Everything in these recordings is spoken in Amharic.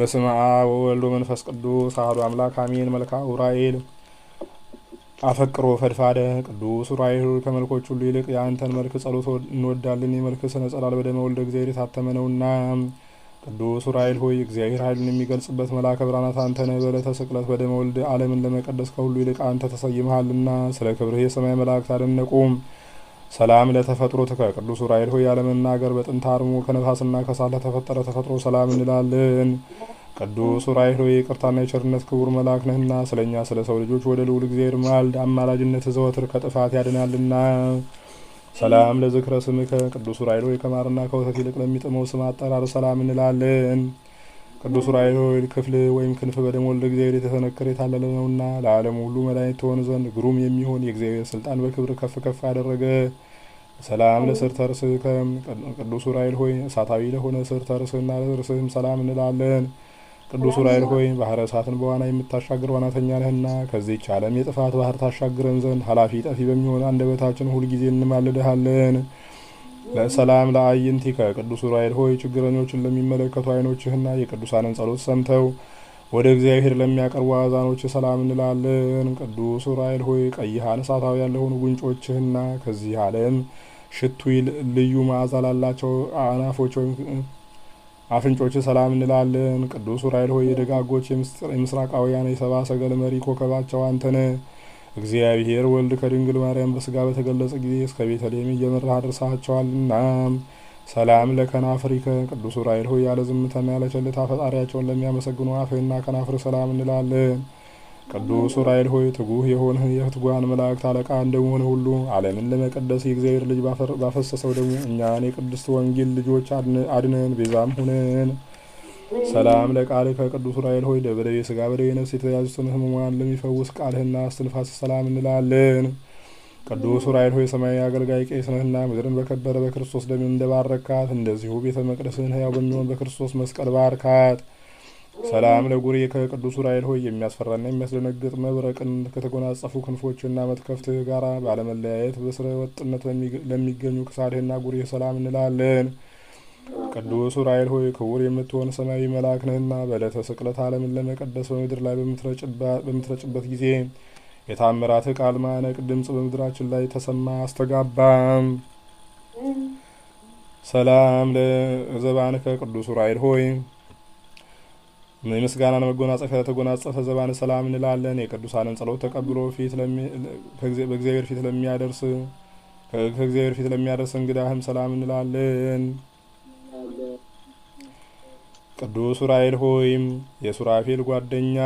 በስመ አብ ወወልድ ወመንፈስ ቅዱስ አሐዱ አምላክ አሜን። መልካ ዑራኤል አፈቅሮ ፈድፋደ ቅዱስ ዑራኤል ከመልኮች ሁሉ ይልቅ የአንተን መልክ ጸሎት እንወዳለን። የመልክ ስነ ጸላል በደመ ወልደ እግዚአብሔር የታተመ ነውና ቅዱስ ዑራኤል ሆይ እግዚአብሔር ኃይልን የሚገልጽበት መልአከ ብርሃናት አንተ ነህ። በዕለተ ስቅለት በደመ ወልድ ዓለምን ለመቀደስ ከሁሉ ይልቅ አንተ ተሰይመሃልና ስለ ክብርህ የሰማይ መላእክት አደነቁም። ሰላም ለተፈጥሮ ትከ ቅዱስ ዑራኤል ሆይ ያለመናገር በጥንት አርሞ ከነፋስና ከሳት ለተፈጠረ ተፈጥሮ ሰላም እንላለን። ቅዱስ ዑራኤል ሆይ ይቅርታና የቸርነት ክቡር መልአክ ነህና ስለ እኛ ስለ ሰው ልጆች ወደ ልዑል እግዚአብሔር ማልድ። አማላጅነት ዘወትር ከጥፋት ያድናልና። ሰላም ለዝክረ ስምከ ቅዱስ ዑራኤል ሆይ ከማርና ከወተት ይልቅ ለሚጥመው ስም አጠራር ሰላም እንላለን። ቅዱስ ዑራኤል ክፍል ወይም ክንፍ በደሞል ለእግዚአብሔር የተሰነከረ የታለለ ነውና ለዓለም ሁሉ መድኃኒት ትሆን ዘንድ ግሩም የሚሆን የእግዚአብሔር ስልጣን በክብር ከፍ ከፍ አደረገ። ሰላም ለስርተ ርስከ ቅዱስ ራይል ሆይ እሳታዊ ለሆነ ስርተ ርስህና ለርስህም ሰላም እንላለን። ቅዱስ ራይል ሆይ ባህረ እሳትን በዋና የምታሻግር ዋናተኛ ነህና ከዚህች ዓለም የጥፋት ባህር ታሻግረን ዘንድ ኃላፊ ጠፊ በሚሆን አንደበታችን ሁልጊዜ እንማልድሃለን። ለሰላም ለአይንቲ ቅዱስ ዑራኤል ሆይ ችግረኞችን ለሚመለከቱ አይኖችህና የቅዱሳንን ጸሎት ሰምተው ወደ እግዚአብሔር ለሚያቀርቡ አዛኖች ሰላም እንላለን። ቅዱስ ዑራኤል ሆይ ቀይሃን እሳታውያን ለሆኑ ጉንጮችህና ከዚህ ዓለም ሽቱ ልዩ መዓዛ ላላቸው አናፎች አፍንጮች ሰላም እንላለን። ቅዱስ ዑራኤል ሆይ የደጋጎች የምስራቃውያን የሰባ ሰገል መሪ ኮከባቸው አንተነ እግዚአብሔር ወልድ ከድንግል ማርያም በስጋ በተገለጸ ጊዜ እስከ ቤተልሔም እየመራህ አድርሳቸዋልና። ሰላም ለከናፍሪከ ቅዱስ ዑራኤል ሆይ ያለ ዝምታና ያለ ቸልታ ፈጣሪያቸውን ለሚያመሰግኑ አፍህና ከናፍር ሰላም እንላለን። ቅዱስ ዑራኤል ሆይ ትጉህ የሆንህ የትጉሃን መላእክት አለቃ እንደሆነ ሁሉ ዓለምን ለመቀደስ የእግዚአብሔር ልጅ ባፈሰሰው ደግሞ እኛን የቅድስት ወንጌል ልጆች አድነን፣ ቤዛም ሁነን። ሰላም ለቃል ከቅዱስ ዑራኤል ሆይ ደብረ የስጋ በደዌ ነፍስ የተያዙትን ህሙማን ለሚፈውስ ቃልህና እስትንፋስ ሰላም እንላለን። ቅዱስ ዑራኤል ሆይ ሰማያዊ አገልጋይ ቄስ ነህና ምድርን በከበረ በክርስቶስ ደም እንደባረካት እንደዚሁ ቤተ መቅደስህን ህያው በሚሆን በክርስቶስ መስቀል ባርካት። ሰላም ለጉሬ ከቅዱስ ዑራኤል ሆይ የሚያስፈራና የሚያስደነግጥ መብረቅን ከተጎናጸፉ ክንፎችና መትከፍት ጋራ ባለመለያየት በስረ ወጥነት ለሚገኙ ክሳድህና ጉሬህ ሰላም እንላለን። ቅዱስ ዑራኤል ሆይ ክቡር የምትሆን ሰማያዊ መልአክ ነህና በዕለተ ስቅለት ዓለምን ለመቀደስ በምድር ላይ በምትረጭበት ጊዜ የታምራት ቃል ማነቅ ድምፅ በምድራችን ላይ ተሰማ አስተጋባ። ሰላም ለዘባንከ ቅዱስ ዑራኤል ሆይ የምስጋናን መጎናጸፊያ ተጎናጸፈ ዘባን ሰላም እንላለን። የቅዱሳንን ጸሎት ተቀብሎ በእግዚአብሔር ፊት ለሚያደርስ ከእግዚአብሔር ፊት ለሚያደርስ እንግዳህም ሰላም እንላለን። ቅዱስ ሱራኤል ሆይም የሱራፌል ጓደኛ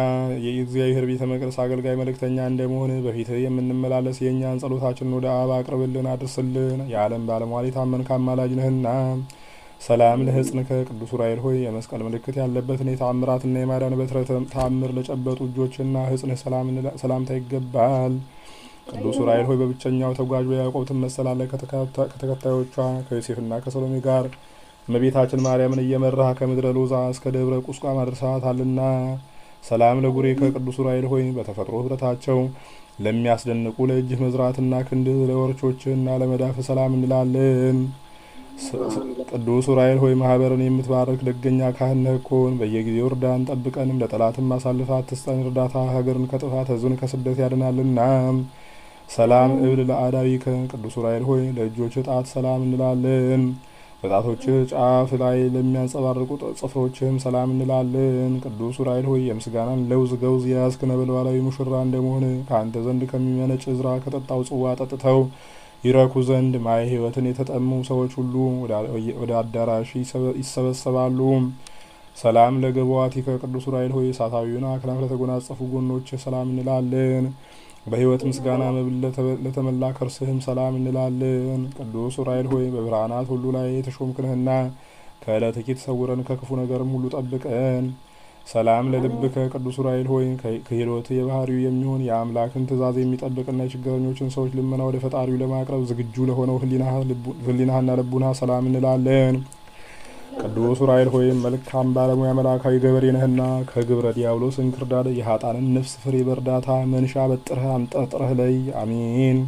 የእግዚአብሔር ቤተ መቅደስ አገልጋይ መልእክተኛ እንደመሆን በፊት የምንመላለስ የእኛን ጸሎታችንን ወደ አብ አቅርብልን፣ አድርስልን። የዓለም ባለሟሌት አመንካ አማላጅ ነህና። ሰላም ለሕጽንከ ቅዱስ ሱራኤል ሆይ የመስቀል ምልክት ያለበትን የተአምራትና የማዳን በትረ ተአምር ለጨበጡ እጆችና ሕጽንህ ሰላምታ ይገባል። ቅዱስ ዑራኤል ሆይ በብቸኛው ተጓዥ በያዕቆብ ትመሰላለህ ከተከታዮቿ ከዮሴፍና ከሰሎሜ ጋር እመቤታችን ማርያምን እየመራህ ከምድረ ሎዛ እስከ ደብረ ቁስቋ ማድርሳታልና። ሰላም ለጉሬ ከቅዱስ ዑራኤል ሆይ በተፈጥሮ ህብረታቸው ለሚያስደንቁ ለእጅህ መዝራትና ክንድህ ለወርቾችና ለመዳፍ ሰላም እንላለን። ቅዱስ ዑራኤል ሆይ ማህበርን የምትባርክ ደገኛ ካህን ነህ እኮን። በየጊዜው እርዳን ጠብቀንም፣ ለጠላትም ማሳልፈ ትስጠን እርዳታ ሀገርን ከጥፋት ህዝብን ከስደት ያድናልና። ሰላም እብል ለአዳዊከ ቅዱስ ዑራኤል ሆይ ለእጆች ጣት ሰላም እንላለን። በጣቶችህ ጫፍ ላይ ለሚያንጸባርቁ ጽፍሮችህም ሰላም እንላለን። ቅዱስ ዑራኤል ሆይ የምስጋናን ለውዝ ገውዝ የያዝክ ነበልባላዊ ሙሽራ እንደመሆን ከአንተ ዘንድ ከሚመነጭ እዝራ ከጠጣው ጽዋ ጠጥተው ይረኩ ዘንድ ማየ ሕይወትን የተጠሙ ሰዎች ሁሉ ወደ አዳራሽ ይሰበሰባሉ። ሰላም ለገቧቲከ ቅዱስ ዑራኤል ሆይ እሳታዊና ለተጎናጸፉ ጎኖች ሰላም እንላለን። በሕይወት ምስጋና መብል ለተመላ ከርስህም ሰላም እንላለን። ቅዱስ ዑራኤል ሆይ በብርሃናት ሁሉ ላይ የተሾምክንህና ከዕለት ኪት ሰውረን ከክፉ ነገርም ሁሉ ጠብቀን። ሰላም ለልብከ ቅዱስ ዑራኤል ሆይ ክህሎት የባህሪው የሚሆን የአምላክን ትእዛዝ የሚጠብቅና የችግረኞችን ሰዎች ልመና ወደ ፈጣሪው ለማቅረብ ዝግጁ ለሆነው ህሊናህና ልቡና ሰላም እንላለን። ቅዱስ ዑራኤል ሆይ መልካም ባለሙያ መልአካዊ ገበሬ ነህና ከግብረ ዲያብሎስ እንክርዳድ የሀጣንን ነፍስ ፍሬ በእርዳታ መንሻ በጥረህ አምጠርጥረህ ለይ። አሜን።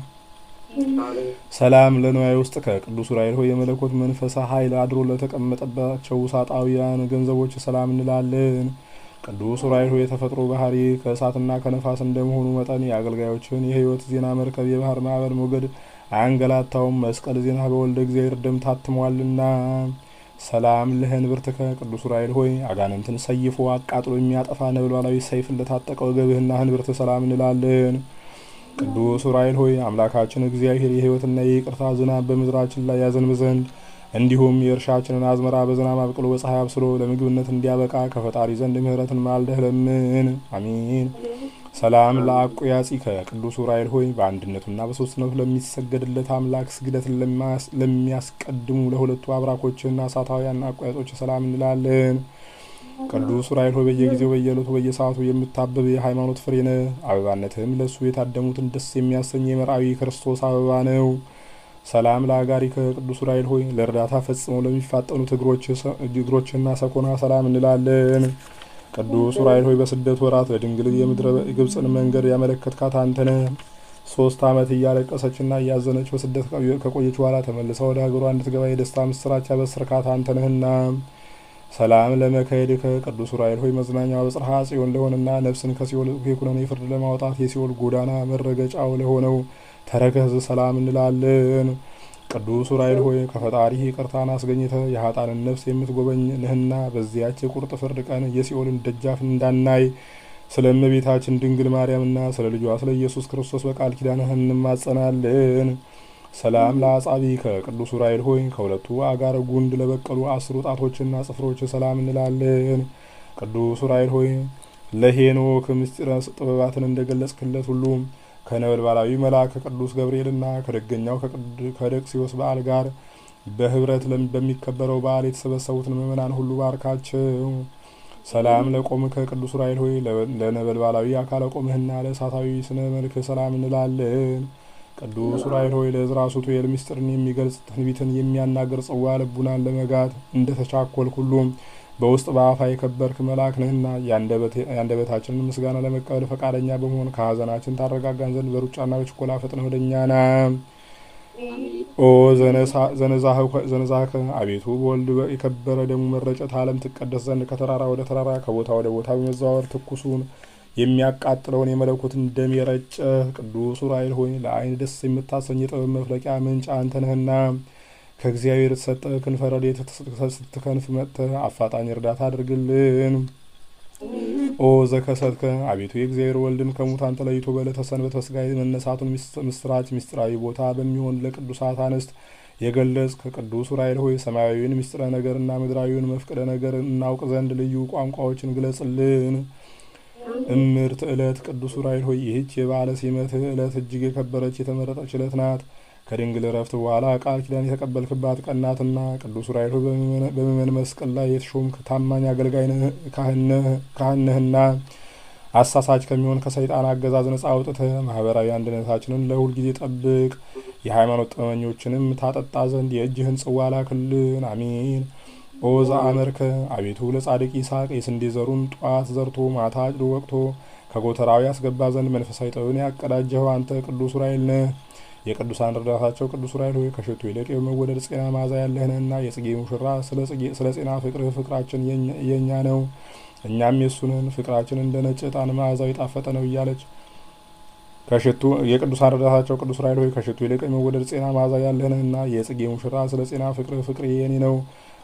ሰላም ለንዋይ ውስጥ ከቅዱስ ዑራኤል ሆይ የመለኮት መንፈሳ ኃይል አድሮ ለተቀመጠባቸው ውሳጣውያን ገንዘቦች ሰላም እንላለን። ቅዱስ ዑራኤል ሆይ የተፈጥሮ ባህሪ ከእሳትና ከነፋስ እንደመሆኑ መጠን የአገልጋዮችን የህይወት ዜና መርከብ የባህር ማዕበል ሞገድ አያንገላታውም። መስቀል ዜና በወልደ እግዚአብሔር ደም ታትሟልና ሰላም ለህንብርትከ ቅዱስ ዑራኤል ሆይ አጋንንትን ሰይፎ አቃጥሎ የሚያጠፋ ነበልባላዊ ሰይፍ ለታጠቀ ወገብህና ህንብርት ሰላም እንላለን። ቅዱስ ዑራኤል ሆይ አምላካችን እግዚአብሔር የህይወትና የይቅርታ ዝናብ በምድራችን ላይ ያዘንብ ዘንድ እንዲሁም የእርሻችንን አዝመራ በዝናብ አብቅሎ በፀሐይ አብስሎ ለምግብነት እንዲያበቃ ከፈጣሪ ዘንድ ምሕረትን ማልደህ ለምን። አሚን። ሰላም ለአቁያጺከ ቅዱስ ዑራኤል ሆይ በአንድነቱና በሶስትነቱ ለሚሰገድለት አምላክ ስግደትን ለሚያስቀድሙ ለሁለቱ አብራኮችና እሳታውያን አቋያጾች ሰላም እንላለን። ቅዱስ ዑራኤል ሆይ በየጊዜው በየዕለቱ በየሰዓቱ የምታብብ የሃይማኖት ፍሬ ነህ። አበባነትህም ለእሱ የታደሙትን ደስ የሚያሰኝ የመርአዊ ክርስቶስ አበባ ነው። ሰላም ለአጋሪ ቅዱስ ዑራኤል ሆይ ለእርዳታ ፈጽመው ለሚፋጠኑት እግሮችና ሰኮና ሰላም እንላለን። ቅዱስ ዑራኤል ሆይ በስደት ወራት በድንግል የምድረ ግብፅን መንገድ ያመለከትካት አንተነ ሶስት ዓመት እያለቀሰችና እያዘነች በስደት ከቆየች በኋላ ተመልሳ ወደ ሀገሯ እንድትገባ የደስታ ምስራች ያበስርካት አንተነህና ሰላም ለመካሄድ ከቅዱስ ዑራኤል ሆይ መዝናኛ በጽርሐ ጽዮን ለሆንና ነፍስን ከሲኦል ኩነኔ ፍርድ ለማውጣት የሲኦል ጎዳና መረገጫው ለሆነው ተረከዝ ሰላም እንላለን። ቅዱስ ዑራኤል ሆይ ከፈጣሪህ ይቅርታን አስገኝተ የሀጣንን ነፍስ የምትጎበኝ ንህና በዚያች የቁርጥ ፍርድ ቀን የሲኦልን ደጃፍ እንዳናይ ስለ እመቤታችን ድንግል ማርያምና ስለ ልጇ ስለ ኢየሱስ ክርስቶስ በቃል ኪዳንህ እንማጸናለን። ሰላም ለአጻቢ ከቅዱስ ዑራኤል ሆይ ከሁለቱ አጋር ጉንድ ለበቀሉ አስሩ ጣቶችና ጽፍሮች ሰላም እንላለን። ቅዱስ ዑራኤል ሆይ ለሄኖክ ምስጢረ ጥበባትን እንደገለጽክለት ሁሉም። ከነበልባላዊ መልአክ ከቅዱስ ገብርኤልና ከደገኛው ከደቅሲዮስ በዓል ጋር በህብረት በሚከበረው በዓል የተሰበሰቡትን ምእመናን ሁሉ ባርካቸው። ሰላም ለቆም ከቅዱስ ራይል ሆይ ለነበልባላዊ አካለ ቆምህና ለእሳታዊ ስነ መልክ ሰላም እንላለን። ቅዱስ ራይል ሆይ ለዕዝራ ሱቱኤል ምስጢርን የሚገልጽ ትንቢትን የሚያናገር ጽዋ ልቡናን ለመጋት እንደተቻኮልክ ሁሉም በውስጥ በአፋ የከበርክ መልአክ ነህና የአንደበታችንን ምስጋና ለመቀበል ፈቃደኛ በመሆን ከሀዘናችን ታረጋጋን ዘንድ በሩጫና በችኮላ ፈጥነ ወደኛ ና። ኦ ዘነዛህ አቤቱ በወልድ የከበረ ደሙ መረጨት ዓለም ትቀደስ ዘንድ ከተራራ ወደ ተራራ ከቦታ ወደ ቦታ በመዘዋወር ትኩሱን የሚያቃጥለውን የመለኮትን ደም የረጨ ቅዱስ ዑራኤል ሆይ ለአይን ደስ የምታሰኝ የጥበብ መፍለቂያ ምንጭ አንተ ነህና ከእግዚአብሔር የተሰጠ ክንፈ ረድኤት ስትከንፍ መጥተህ አፋጣኝ እርዳታ አድርግልን። ኦ ዘከሰትከ አቤቱ የእግዚአብሔር ወልድን ከሙታን ተለይቶ በዕለተ ሰንበት በሥጋ መነሳቱን ምስራች ምስጢራዊ ቦታ በሚሆን ለቅዱሳት አንስት የገለጽ ከቅዱስ ዑራኤል ሆይ ሰማያዊውን ምስጢረ ነገርና ምድራዊውን መፍቅደ ነገር እናውቅ ዘንድ ልዩ ቋንቋዎችን ግለጽልን። እምርት ዕለት ቅዱስ ዑራኤል ሆይ ይህች የበዓለ ሲመትህ ዕለት እጅግ የከበረች የተመረጠች ዕለት ናት። ከድንግል እረፍት በኋላ ቃል ኪዳን የተቀበልክባት ቀናትና ቅዱስ ዑራኤል በምእመን መስቀል ላይ የተሾምክ ታማኝ አገልጋይ ካህንህና አሳሳች ከሚሆን ከሰይጣን አገዛዝ ነጻ አውጥተ ማህበራዊ አንድነታችንን ለሁል ጊዜ ጠብቅ። የሃይማኖት ጥበበኞችንም ታጠጣ ዘንድ የእጅህን ጽዋ ላክልን። አሜን። ኦ አመርከ አቤቱ ለጻድቅ ይስሐቅ የስንዴ ዘሩን ጧት ዘርቶ ማታ አጭዶ ወቅቶ ከጎተራዊ ያስገባ ዘንድ መንፈሳዊ ጥበብን ያቀዳጀኸው አንተ ቅዱስ ዑራኤል ነህ። የቅዱሳን እርዳታቸው ቅዱስ ራይል ሆይ ከሽቱ ይልቅ የመወደድ ጽና ማዛ ያለህንና የጽጌ ሙሽራ ስለ ጽና ፍቅር ፍቅራችን የእኛ ነው፣ እኛም የሱንን ፍቅራችን እንደ ነጭ ጣን ማዛው የጣፈጠ ነው እያለች ከሽቱ የቅዱሳን እርዳታቸው ቅዱስ ዑራኤል ሆይ ከሽቱ ይልቅ የመወደድ ጽና ማዛ ያለህንና የጽጌ ሙሽራ ስለ ጽና ፍቅር ፍቅር የኔ ነው፣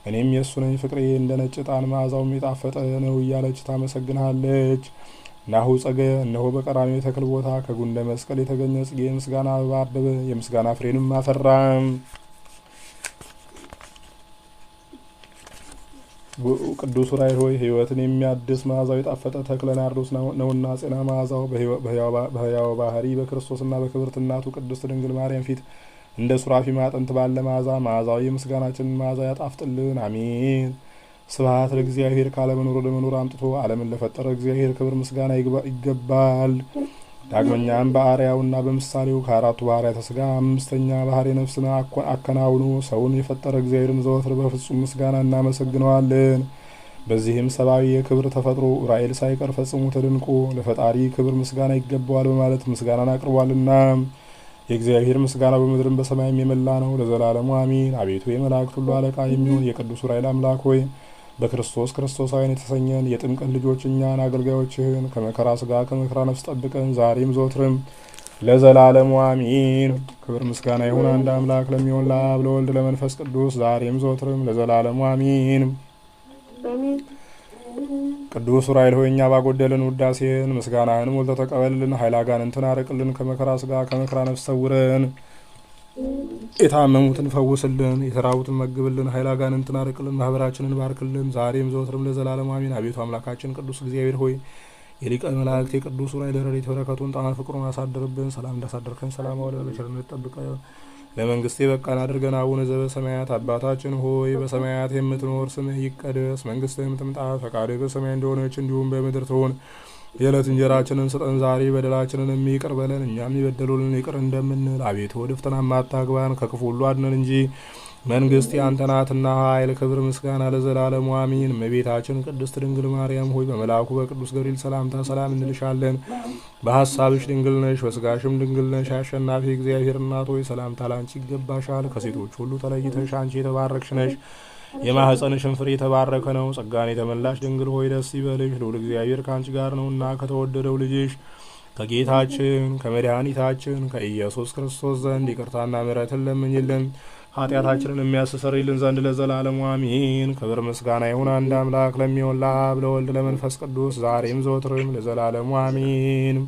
እኔም የእሱ ነኝ፣ ፍቅሬ እንደ ነጭ ጣን ማዛውም የጣፈጠ ነው እያለች ታመሰግናለች። ናሁ ጸገ እነሆ በቀራሚ ተክል ቦታ ከጉንደ መስቀል የተገኘ ጽጌ የምስጋና አበባ አበበ የምስጋና ፍሬንም አፈራ። ቅዱስ ዑራኤል ሆይ ሕይወትን የሚያድስ መዓዛው የጣፈጠ ተክለ ናርዶስ ነውና ጤና መዓዛው በሕያው ባህሪ በክርስቶስና በክብርት እናቱ ቅድስት ድንግል ማርያም ፊት እንደ ሱራፊ ማጠንት ባለ መዓዛ መዓዛው የምስጋናችንን መዓዛ ያጣፍጥልን። አሚን። ስብሐት ለእግዚአብሔር ካለመኖር ወደ መኖር አምጥቶ ዓለምን ለፈጠረ እግዚአብሔር ክብር ምስጋና ይገባል። ዳግመኛም በአርያውና በምሳሌው ከአራቱ ባህርያተ ተስጋ አምስተኛ ባህሪ ነፍስን አከናውኖ ሰውን የፈጠረ እግዚአብሔርን ዘወትር በፍጹም ምስጋና እናመሰግነዋለን። በዚህም ሰብአዊ የክብር ተፈጥሮ ዑራኤል ሳይቀር ፈጽሞ ተደንቆ ለፈጣሪ ክብር ምስጋና ይገባዋል በማለት ምስጋናን አቅርቧልና የእግዚአብሔር ምስጋና በምድርም በሰማይም የመላ ነው፣ ለዘላለሙ አሚን። አቤቱ የመላእክት ሁሉ አለቃ የሚሆን የቅዱስ ዑራኤል አምላክ ሆይ በክርስቶስ ክርስቶስ አይን የተሰኘን የጥምቀት ልጆች እኛን አገልጋዮችህን ከመከራ ስጋ ከመከራ ነፍስ ጠብቀን ዛሬም ዘወትርም ለዘላለሙ አሚን። ክብር ምስጋና ይሁን አንድ አምላክ ለሚሆን ለአብ ለወልድ ለመንፈስ ቅዱስ ዛሬም ዘወትርም ለዘላለሙ አሚን። ቅዱስ ዑራኤል ሆይ እኛ ባጎደልን ውዳሴን ምስጋናህን ሞልተ ተቀበልልን። ኃይለ አጋንንትን አርቅልን። ከመከራ ስጋ ከመከራ ነፍስ ሰውረን። የታመሙትን ፈውስልን፣ የተራቡትን መግብልን፣ ኃይል አጋንንትን አርቅልን፣ ማህበራችንን ባርክልን፣ ዛሬም ዘወትርም ለዘላለም አሜን። አቤቱ አምላካችን ቅዱስ እግዚአብሔር ሆይ የሊቀ መላእክት የቅዱስ ዑራኤል ረድኤት በረከቱን ጣና ፍቅሩን አሳድርብን። ሰላም እንዳሳደርከን ሰላም አውለን፣ በቸርነት ጠብቀ ለመንግስቴ በቃን አድርገን። አቡነ ዘበሰማያት አባታችን ሆይ በሰማያት የምትኖር ስምህ ይቀደስ፣ መንግስትህም ትምጣ፣ ፈቃድህ በሰማይ እንደሆነች እንዲሁም በምድር ትሆን የዕለት እንጀራችንን ስጠን ዛሬ፣ በደላችንን የሚቅር በለን እኛም የበደሉልን ይቅር እንደምንል፣ አቤቱ ወደ ፈተናም ከክፉ ሁሉ አድነን እንጂ መንግስት ያንተ ናትና ኃይል፣ ክብር፣ ምስጋና ለዘላለሙ አሜን። እመቤታችን ቅድስት ድንግል ማርያም ሆይ በመልአኩ በቅዱስ ገብርኤል ሰላምታ ሰላም እንልሻለን። በሀሳብሽ ድንግል ነሽ፣ በስጋሽም ድንግል ነሽ። አሸናፊ እግዚአብሔር እናት ሆይ ሰላምታ ላንቺ ይገባሻል። ከሴቶች ሁሉ ተለይተሽ አንቺ የተባረክሽ ነሽ። የማህፀን ፍሬ የተባረከ ነው። ጸጋን የተመላሽ ድንግል ሆይ ደስ ይበልሽ፣ ልዑል እግዚአብሔር ከአንቺ ጋር ነውና ከተወደደው ልጅሽ ከጌታችን ከመድኃኒታችን ከኢየሱስ ክርስቶስ ዘንድ ይቅርታና ምሕረትን ለምኝልን ኃጢአታችንን የሚያስተሰርይልን ዘንድ ለዘላለሙ አሚን። ክብር ምስጋና ይሁን አንድ አምላክ ለሚሆን ለአብ ለወልድ ለመንፈስ ቅዱስ ዛሬም ዘወትርም ለዘላለሙ አሚን።